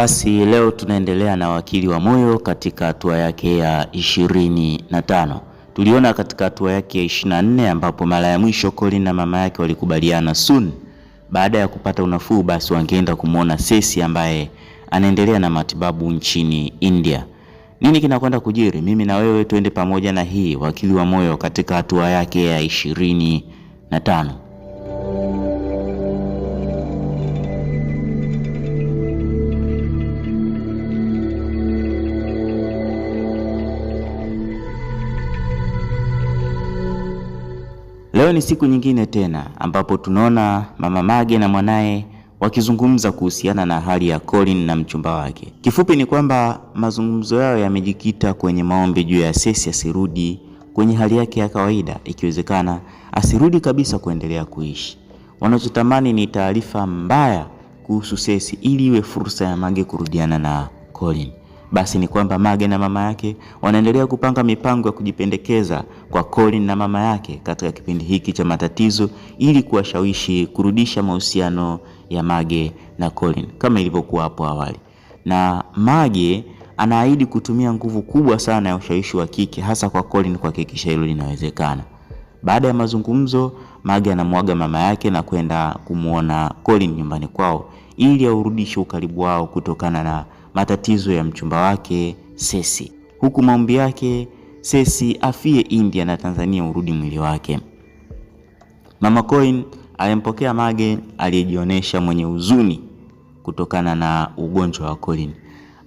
Basi leo tunaendelea na wakili wa moyo katika hatua yake ya ishirini na tano. Tuliona katika hatua yake ya ishirini na nne ambapo mara ya mwisho Colin na mama yake walikubaliana soon baada ya kupata unafuu, basi wangeenda kumwona Sesi ambaye anaendelea na matibabu nchini India. Nini kinakwenda kujiri? Mimi na wewe tuende pamoja na hii wakili wa moyo katika hatua yake ya ishirini na tano. Leo ni siku nyingine tena ambapo tunaona mama Mage na mwanaye wakizungumza kuhusiana na hali ya Colin na mchumba wake. Kifupi ni kwamba mazungumzo yao yamejikita kwenye maombi juu ya Cecy asirudi kwenye hali yake ya kawaida, ikiwezekana asirudi kabisa kuendelea kuishi. Wanachotamani ni taarifa mbaya kuhusu Cecy ili iwe fursa ya Mage kurudiana na Colin basi ni kwamba Mage na mama yake wanaendelea kupanga mipango ya kujipendekeza kwa Colin na mama yake katika kipindi hiki cha matatizo ili kuwashawishi kurudisha mahusiano ya Mage na Colin kama ilivyokuwa hapo awali. Na Mage anaahidi kutumia nguvu kubwa sana ya ushawishi wa kike hasa kwa Colin kuhakikisha hilo linawezekana. Baada ya mazungumzo, Mage anamwaga mama yake na kwenda kumwona Colin nyumbani kwao ili aurudishe ukaribu wao kutokana na matatizo ya mchumba wake Sesi, huku maombi yake Sesi afie India na Tanzania urudi mwili wake. Mama Coin alimpokea Mage aliyejionyesha mwenye huzuni kutokana na ugonjwa wa Colin.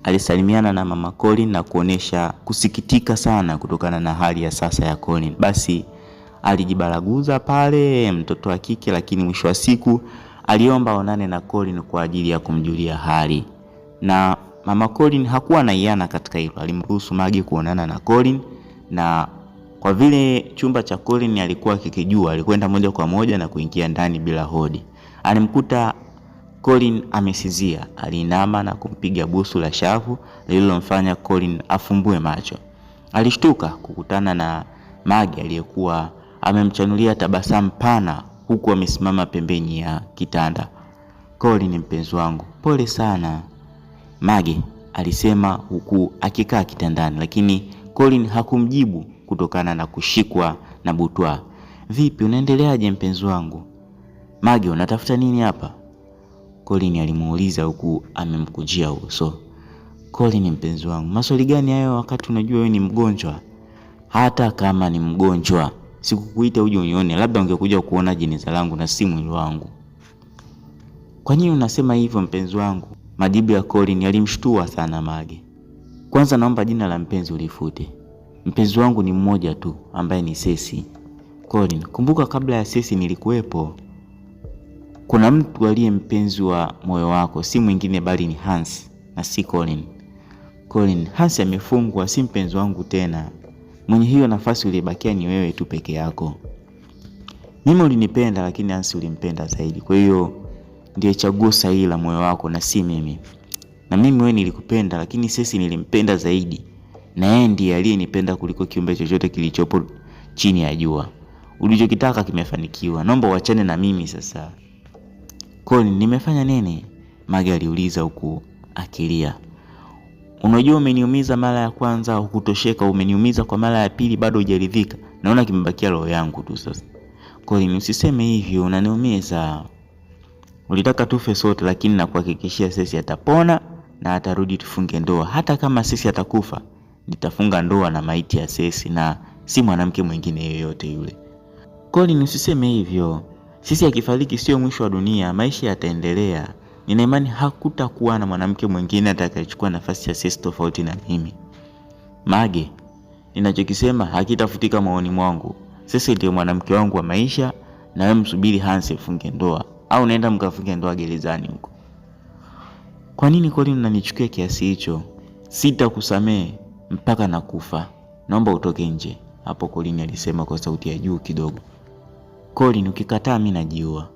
Alisalimiana na mama Colin na kuonesha kusikitika sana kutokana na hali ya sasa ya Colin. Basi alijibaraguza pale mtoto wa kike, lakini mwisho wa siku aliomba onane na Colin kwa ajili ya kumjulia hali na Mama Colin hakuwa na iana katika hilo, alimruhusu Magi kuonana na Colin, na kwa vile chumba cha Colin alikuwa kikijua alikwenda moja kwa moja na kuingia ndani bila hodi. Alimkuta Colin amesizia, aliinama na kumpiga busu la shavu lililomfanya Colin afumbue macho. Alishtuka kukutana na Magi aliyekuwa amemchanulia tabasamu pana huku amesimama pembeni ya kitanda. Colin, mpenzi wangu, pole sana. Mage alisema huku akikaa kitandani, lakini Colin hakumjibu kutokana na kushikwa na butwa. Vipi, unaendeleaje mpenzi wangu? Mage, unatafuta nini hapa? Colin alimuuliza huku amemkujia uso. Colin, mpenzi wangu, maswali gani hayo wakati unajua wewe ni mgonjwa? Hata kama ni mgonjwa sikukuita uje unione, labda ungekuja kuona jeneza langu na simu ile wangu. Kwa nini unasema hivyo mpenzi wangu? Majibu ya Colin yalimshtua sana Mage. Kwanza naomba jina la mpenzi ulifute. Mpenzi wangu ni mmoja tu ambaye ni Sesi. Colin, kumbuka kabla ya Sesi nilikuwepo. Kuna mtu aliye mpenzi wa moyo wako, si mwingine bali ni Hans na si Colin. Colin, Hans amefungwa, si mpenzi wangu tena. Mwenye hiyo nafasi uliyebakia ni wewe tu peke yako. Mimi ulinipenda, lakini Hans ulimpenda zaidi. Kwa hiyo ndiye chaguo sahihi la moyo wako na si mimi. Na mimi wewe nilikupenda, lakini sisi nilimpenda zaidi, na yeye ndiye aliyenipenda kuliko kiumbe chochote kilichopo chini ya jua. Ulichokitaka kimefanikiwa, naomba uachane na mimi sasa. Kwani nimefanya nini? Mage aliuliza huku akilia. Unajua umeniumiza mara ya kwanza, hukutosheka. Umeniumiza kwa mara ya pili, bado hujaridhika. Naona kimebakia roho yangu tu sasa. Kwani usiseme hivyo, unaniumiza. Ulitaka tufe sote, lakini nakuhakikishia Cecy atapona na atarudi tufunge ndoa. Hata kama Cecy atakufa, nitafunga ndoa na maiti ya Cecy na si mwanamke mwingine yoyote yule. Colin, usiseme hivyo. Sisi akifariki sio mwisho wa dunia, maisha yataendelea. Nina imani hakutakuwa na mwanamke mwingine atakayechukua nafasi ya Cecy tofauti na mimi. Mage, ninachokisema hakitafutika maoni mwangu. Cecy ndiye mwanamke wangu wa maisha, na wewe msubiri Hansi funge ndoa au naenda mkafunge ndoa gerezani huko. Kwa nini kweli unanichukia kiasi hicho? Sitakusamehe mpaka nakufa. Naomba utoke nje. Hapo Colin alisema kwa sauti ya juu kidogo. Colin, ukikataa mimi najiua.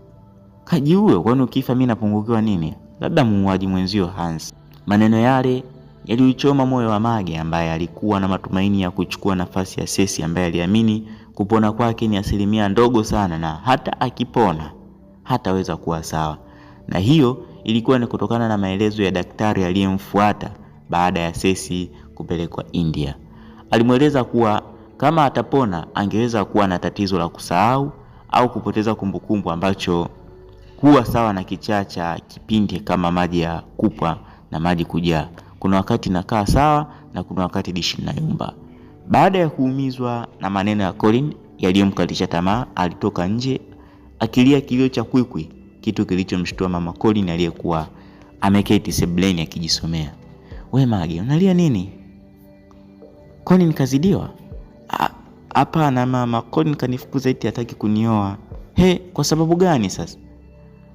Kajiue, kwani ukifa mimi napungukiwa nini? Labda muuaji mwenzio Hans. Maneno yale yaliuchoma moyo wa Mage ambaye alikuwa na matumaini ya kuchukua nafasi ya Sesi ambaye aliamini kupona kwake ni asilimia ndogo sana na hata akipona hataweza kuwa sawa, na hiyo ilikuwa ni kutokana na maelezo ya daktari aliyemfuata baada ya Cecy kupelekwa India. Alimweleza kuwa kama atapona angeweza kuwa na tatizo la kusahau au kupoteza kumbukumbu ambacho kuwa sawa na kichaa cha kipindi kama maji ya kupwa na maji kujaa. Kuna wakati nakaa sawa na kuna wakati dishi linayumba. Baada ya kuumizwa na maneno ya Colin yaliyomkatisha tamaa, alitoka nje akilia kilio cha kwikwi, kitu kilichomshtua mama Colin aliyekuwa ameketi sebleni akijisomea. We Magi, unalia nini? Colin kazidiwa? Hapana mama, Colin kanifukuza eti hataki kunioa. He, kwa sababu gani sasa?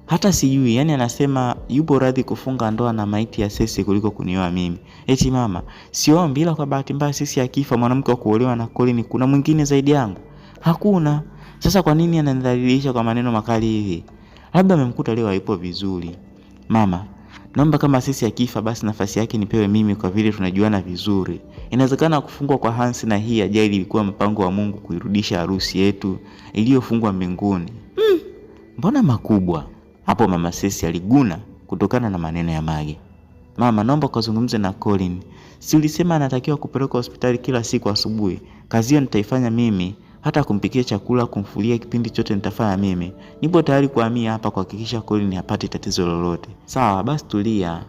Hata sijui, yani anasema yupo radhi kufunga ndoa na maiti ya sisi kuliko kunioa mimi. Eti mama, siombi, ila kwa bahati mbaya sisi akifa mwanamke wa kuolewa na Colin kuna mwingine zaidi yangu? Hakuna. Sasa kwa nini ananidhalilisha kwa maneno makali hivi? Labda amemkuta leo haipo vizuri. Mama, naomba kama sisi akifa basi nafasi yake nipewe mimi kwa vile tunajuana vizuri. Inawezekana kufungwa kwa Hansi na hii ajali ilikuwa mpango wa Mungu kuirudisha harusi yetu iliyofungwa mbinguni. Mm, mbona makubwa? Hapo mama Sesi aliguna kutokana na maneno ya Mage. Mama, naomba kuzungumze na Colin. Si ulisema anatakiwa kupelekwa hospitali kila siku asubuhi? Kazi hiyo nitaifanya mimi hata kumpikia chakula, kumfulia, kipindi chote nitafanya mimi. Nipo tayari kuhamia hapa kuhakikisha Colin hapati tatizo lolote. Sawa basi, tulia,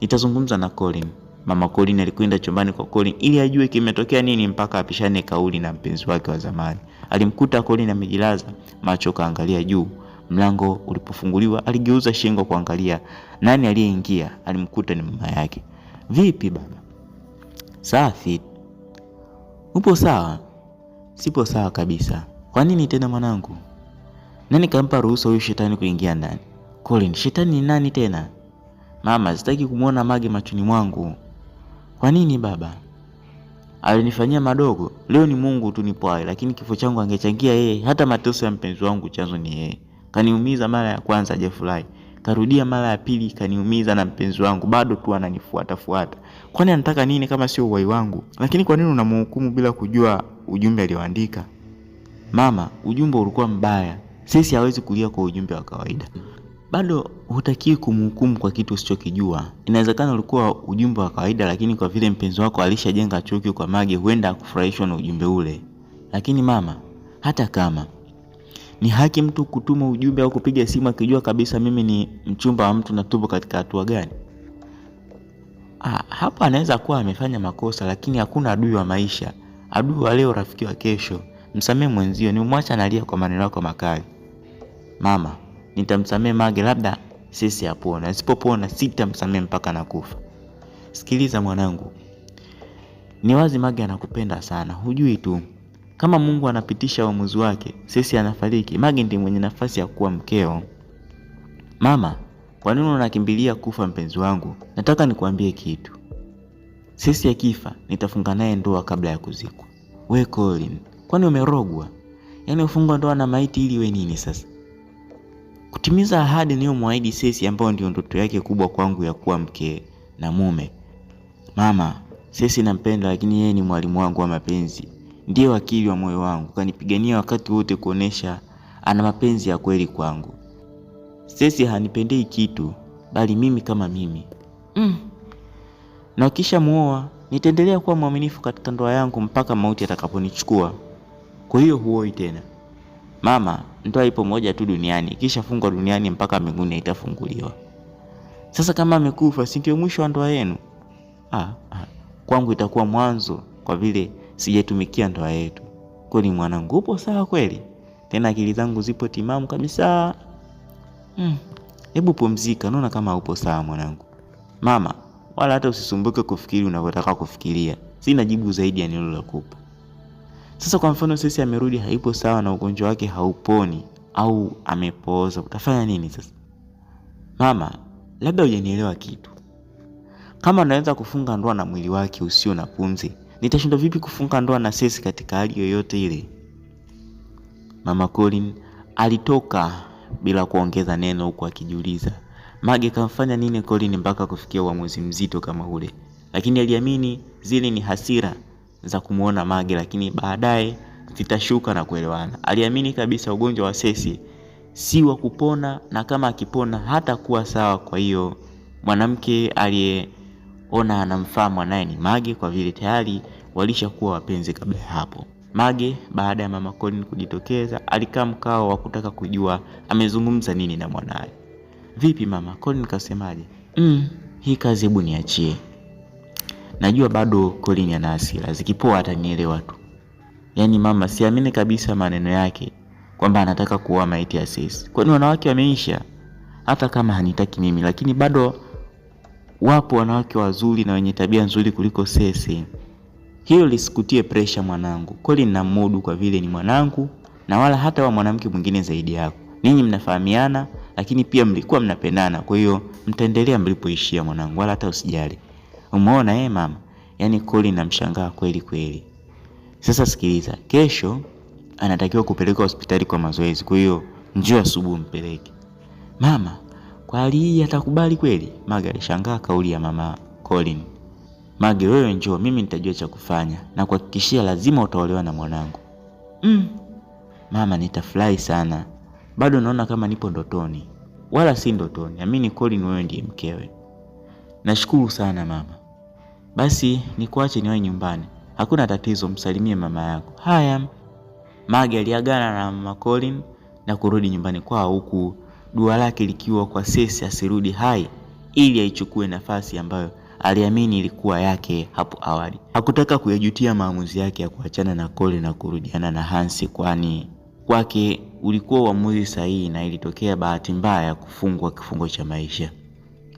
nitazungumza na Colin. Mama Colin alikwenda chumbani kwa Colin ili ajue kimetokea nini mpaka apishane kauli na mpenzi wake wa zamani. Alimkuta Colin amejilaza, macho kaangalia juu. Mlango ulipofunguliwa aligeuza shingo kuangalia nani aliyeingia. Alimkuta ni mama yake. Vipi baba? Safi, upo sawa? sipo sawa kabisa. Kwa nini tena mwanangu? Nani kampa ruhusa huyu shetani kuingia ndani? Colin, shetani ni nani tena? Mama, sitaki kumwona Mage machoni mwangu. Kwa nini baba? Alinifanyia madogo. Leo ni Mungu tu nipwaye, lakini kifo changu angechangia yeye, hata mateso ya mpenzi wangu chanzo ni yeye. Kaniumiza mara ya kwanza hajafurahi. Karudia mara ya pili kaniumiza na mpenzi wangu bado tu ananifuata fuata. Kwani anataka nini kama sio uhai wangu? Lakini kwa nini unamhukumu bila kujua ujumbe aliyoandika. Mama, ujumbe ulikuwa mbaya, sisi hawezi kulia kwa ujumbe wa kawaida. Bado hutakiwi kumhukumu kwa kitu usichokijua. Inawezekana ulikuwa ujumbe wa kawaida, lakini kwa vile mpenzi wako alishajenga chuki kwa Mage, huenda akufurahishwa na ujumbe ule. Lakini mama, hata kama ni haki mtu kutuma ujumbe au kupiga simu akijua kabisa mimi ni mchumba wa mtu na tupo katika hatua gani? Ha, ah, hapa anaweza kuwa amefanya makosa, lakini hakuna adui wa maisha. Adui wa leo rafiki wa kesho. msamee mwenzio ni umwacha analia kwa maneno yako makali. Mama, nitamsamee Mage labda sisi hapona. Nisipopona sitamsamehe mpaka nakufa. Sikiliza mwanangu. Ni wazi Mage anakupenda sana. Hujui tu. Kama Mungu anapitisha uamuzi wake, sisi anafariki. Mage ndiye mwenye nafasi ya kuwa mkeo. Mama, kwa nini unakimbilia kufa mpenzi wangu? Nataka nikuambie kitu. Sisi akifa nitafunga naye ndoa kabla ya kuzikwa. We Colin, kwani umerogwa? Yaani ufungwa ndoa na maiti ili we nini sasa? Kutimiza ahadi niliyomwahidi Sesi, ambayo ndio ndoto yake kubwa kwangu ya kuwa mke na mume. Mama, Sesi nampenda, lakini yeye ni mwalimu wangu wa mapenzi, ndiyo akili wa moyo wangu, kanipigania wakati wote kuonesha ana mapenzi ya kweli kwangu. Sesi hanipendei kitu, bali mimi kama mimi mm na ukishamuoa nitaendelea kuwa mwaminifu katika ndoa yangu mpaka mauti atakaponichukua. Kwa hiyo huoi tena mama. Ndoa ipo moja tu duniani, ikishafungwa duniani mpaka mbinguni itafunguliwa. Sasa kama amekufa, si ndio mwisho wa ndoa yenu? Ah, ah, kwangu itakuwa mwanzo, kwa vile sijaitumikia ndoa yetu. Kwani mwanangu, upo sawa kweli? Tena akili zangu zipo timamu kabisa. Hmm. Hebu hmm, pumzika, naona kama upo sawa mwanangu. Mama, wala hata usisumbuke kufikiri unavyotaka kufikiria. Sina jibu zaidi ya la kupa. Sasa kwa mfano, sisi amerudi haipo sawa na ugonjwa wake hauponi au amepooza, utafanya nini sasa? Mama, labda hujanielewa kitu. Kama naweza kufunga ndoa na mwili wake usio na pumzi, nitashindwa vipi kufunga ndoa na sisi katika hali yoyote ile? Mama Colin alitoka bila kuongeza neno, huku akijiuliza Mage kamfanya nini Colin mpaka kufikia uamuzi mzito kama ule? Lakini aliamini zile ni hasira za kumuona Mage, lakini baadaye zitashuka na kuelewana. Aliamini kabisa ugonjwa wa Cecy si wa kupona, na kama akipona hata kuwa sawa. Kwa hiyo mwanamke aliyeona anamfaa mwanaye ni Mage, kwa vile tayari walishakuwa wapenzi kabla ya hapo. Mage baada ya mama Colin kujitokeza, alikaa mkao wa kutaka kujua amezungumza nini na mwanaye vipi mama? Colin kasemaje? Mm, hii kazi hebu niachie. Najua bado Colin ana hasira, zikipoa atanielewa tu. Yaani mama, siamini kabisa maneno yake kwamba anataka kuoa maiti ya Cecy, kwani wanawake wameisha. Hata kama hanitaki mimi, lakini bado wapo wanawake wazuri na wenye tabia nzuri kuliko sisi. Hilo lisikutie presha mwanangu. Colin na namudu kwa vile ni mwanangu na wala hata wa mwanamke mwingine zaidi yako. Ninyi mnafahamiana lakini pia mlikuwa mnapendana, kwa hiyo mtaendelea mlipoishia mwanangu, wala hata usijali. Umeona eh mama? Yaani Koli namshangaa kweli kweli. Sasa sikiliza, kesho anatakiwa kupelekwa hospitali kwa mazoezi, kwa hiyo njoo asubuhi mpeleke. Mama, kwa hali hii atakubali kweli? Maga alishangaa kauli ya mama Colin. Mage, wewe njoo, mimi nitajua cha kufanya na kuhakikishia lazima utaolewa na mwanangu. Mm. Mama, nitafurahi sana bado naona kama nipo ndotoni, wala si ndotoni. Amini Colin, wewe ndiye mkewe. Nashukuru sana mama. Basi nikuache niwahi nyumbani. Hakuna tatizo, msalimie mama yako. Haya. Mage aliagana na mama Colin na kurudi nyumbani kwao, huku dua lake likiwa kwa Cecy asirudi hai ili aichukue nafasi ambayo aliamini ilikuwa yake hapo awali. Hakutaka kuyajutia maamuzi yake ya kuachana na Colin na kurudiana na Hansi, kwani kwake ulikuwa uamuzi sahihi na ilitokea bahati mbaya ya kufungwa kifungo cha maisha.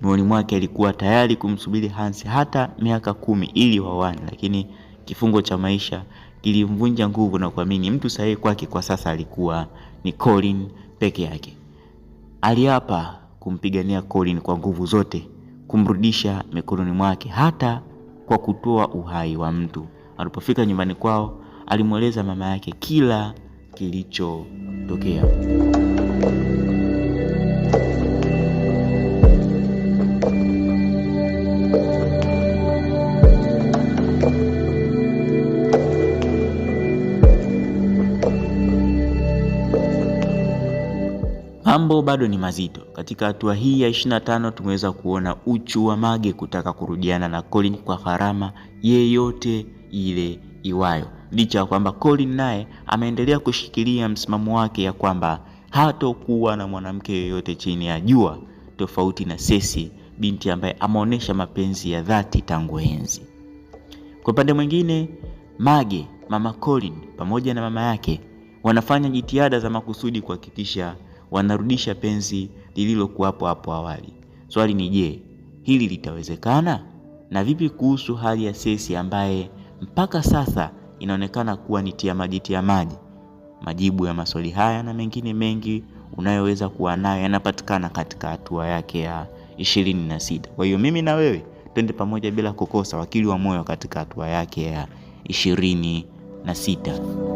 Moyoni mwake alikuwa tayari kumsubiri Hansi hata miaka kumi ili wawane, lakini kifungo cha maisha kilimvunja nguvu na kuamini mtu sahihi kwake kwa sasa alikuwa ni Colin peke yake. Aliapa kumpigania Colin kwa nguvu zote, kumrudisha mikononi mwake hata kwa kutoa uhai wa mtu. Alipofika nyumbani kwao, alimweleza mama yake kila kilichotokea. Mambo bado ni mazito. Katika hatua hii ya 25 tumeweza kuona uchu wa Mage kutaka kurudiana na Colin kwa gharama yeyote ile iwayo, licha ya kwamba Colin naye ameendelea kushikilia msimamo wake ya kwamba hatokuwa na mwanamke yoyote chini ya jua, tofauti na Cecy, binti ambaye ameonyesha mapenzi ya dhati tangu enzi. Kwa upande mwingine, Mage mama Colin pamoja na mama yake wanafanya jitihada za makusudi kuhakikisha wanarudisha penzi lililokuwapo hapo awali. Swali ni je, hili litawezekana? Na vipi kuhusu hali ya Cecy ambaye mpaka sasa inaonekana kuwa ni tia maji Majibu ya maswali haya na mengine mengi unayoweza kuwa nayo yanapatikana katika hatua yake ya ishirini na sita. Kwa hiyo mimi na wewe twende pamoja bila kukosa Wakili wa Moyo katika hatua yake ya ishirini na sita.